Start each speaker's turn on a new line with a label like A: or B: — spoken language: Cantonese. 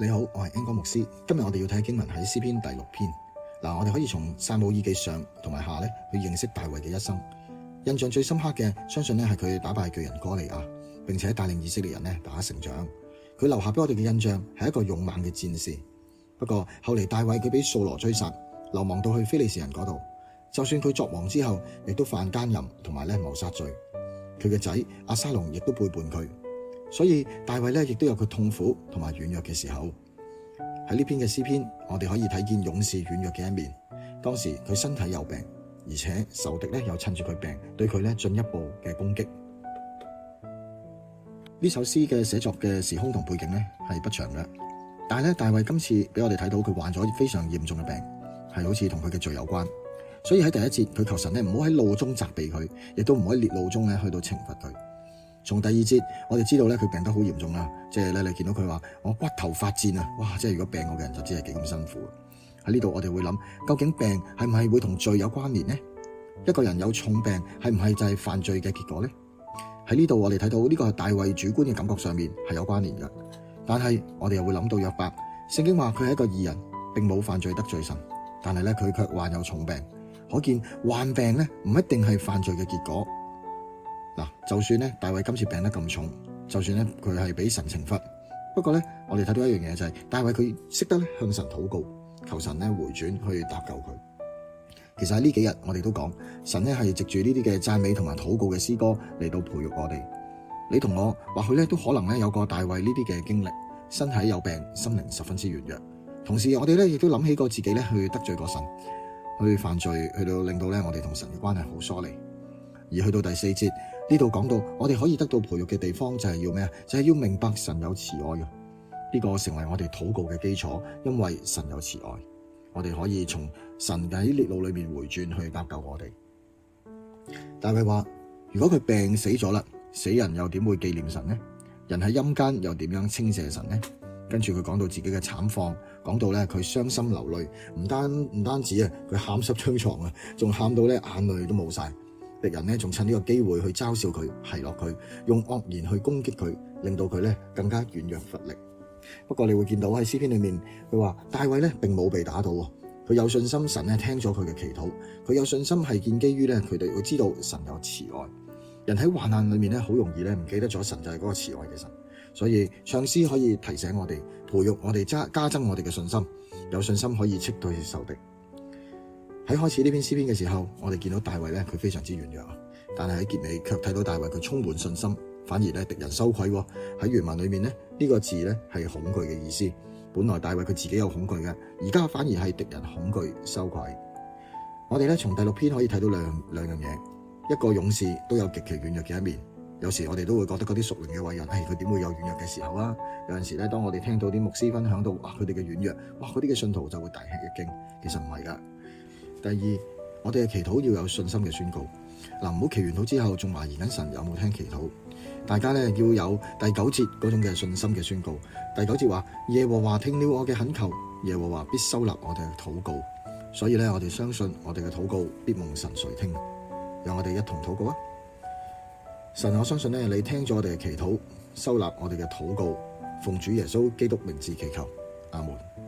A: 你好，我係英哥牧師。今日我哋要睇經文喺詩篇第六篇。嗱，我哋可以從撒母耳記上同埋下呢去認識大衛嘅一生。印象最深刻嘅，相信係佢打敗巨人哥利亞，並且帶領以色列人打勝仗。佢留下俾我哋嘅印象係一個勇猛嘅戰士。不過後嚟大衛佢俾掃羅追殺，流亡到去非利士人嗰度。就算佢作王之後，亦都犯姦淫同埋呢謀殺罪。佢嘅仔阿沙龍亦都背叛佢。所以大衛呢，亦都有佢痛苦同埋軟弱嘅時候。喺呢篇嘅詩篇，我哋可以睇見勇士軟弱嘅一面。當時佢身體有病，而且仇敵呢又趁住佢病，對佢呢進一步嘅攻擊。呢首詩嘅寫作嘅時空同背景係不詳嘅。但係大衛今次畀我哋睇到佢患咗非常嚴重嘅病，係好似同佢嘅罪有關。所以喺第一節，佢求神呢唔好喺怒中責備佢，亦都唔可以烈怒中呢去到懲罰佢。從第二節，我哋知道咧，佢病得好嚴重啦，即係你見到佢話我骨頭發戰啊，哇！即係如果病過嘅人就知係幾咁辛苦。喺呢度我哋會諗，究竟病係唔係會同罪有關聯呢？一個人有重病係唔係就係犯罪嘅結果呢？喺呢度我哋睇到呢個大衛主觀嘅感覺上面係有關聯嘅，但係我哋又會諗到約伯，聖經話佢係一個義人，並冇犯罪得罪神，但係咧，佢卻患有重病，可見患病咧唔一定係犯罪嘅結果。就算呢，大衛今次病得咁重，就算呢，佢係俾神懲罰，不過呢，我哋睇到一樣嘢就係大衛佢識得咧向神禱告，求神咧回轉去搭救佢。其實喺呢幾日我哋都講神咧係藉住呢啲嘅讚美同埋禱告嘅詩歌嚟到培育我哋。你同我或許咧都可能咧有過大衛呢啲嘅經歷，身體有病，心靈十分之軟弱。同時我哋咧亦都諗起過自己咧去得罪過神，去犯罪，去到令到咧我哋同神嘅關係好疏離。而去到第四節呢度講到，我哋可以得到培育嘅地方就係要咩？就係要明白神有慈愛呢個成為我哋禱告嘅基礎，因為神有慈愛，我哋可以從神喺烈怒裏面回轉去搭救我哋。但係話如果佢病死咗啦，死人又點會紀念神呢？人喺陰間又點樣稱謝神呢？跟住佢講到自己嘅慘況，講到呢，佢傷心流淚，唔單唔單止佢喊濕張床啊，仲喊到呢，眼淚都冇晒。敵人呢仲趁呢個機會去嘲笑佢，奚落佢，用惡言去攻擊佢，令到佢呢更加軟弱乏力。不過，你會見到喺詩篇裏面，佢話大衛呢並冇被打到喎，佢有信心神呢聽咗佢嘅祈禱，佢有信心係建基於呢佢哋會知道神有慈愛。人喺患難裏面呢，好容易呢唔記得咗神就係嗰個慈愛嘅神，所以唱詩可以提醒我哋，培育我哋，加加增我哋嘅信心，有信心可以斥退受敵。喺開始呢篇詩篇嘅時候，我哋見到大衛咧，佢非常之軟弱。但係喺結尾卻睇到大衛佢充滿信心，反而咧敵人羞愧。喺原文裏面呢，呢、這個字咧係恐懼嘅意思。本來大衛佢自己有恐懼嘅，而家反而係敵人恐懼羞愧。我哋咧從第六篇可以睇到兩兩樣嘢，一個勇士都有極其軟弱嘅一面。有時我哋都會覺得嗰啲熟齡嘅偉人，唉、哎，佢點會有軟弱嘅時候啊？有陣時咧，當我哋聽到啲牧師分享到哇，佢哋嘅軟弱，哇，嗰啲嘅信徒就會大吃一驚。其實唔係㗎。第二，我哋嘅祈禱要有信心嘅宣告，嗱，唔好祈完禱之後仲懷疑緊神有冇聽祈禱。大家呢，要有第九節嗰種嘅信心嘅宣告。第九節話耶和華聽了我嘅懇求，耶和華必收納我哋嘅禱告。所以呢，我哋相信我哋嘅禱告必蒙神垂聽。讓我哋一同禱告啊！神，我相信呢，你聽咗我哋嘅祈禱，收納我哋嘅禱告，奉主耶穌基督名字祈求，阿門。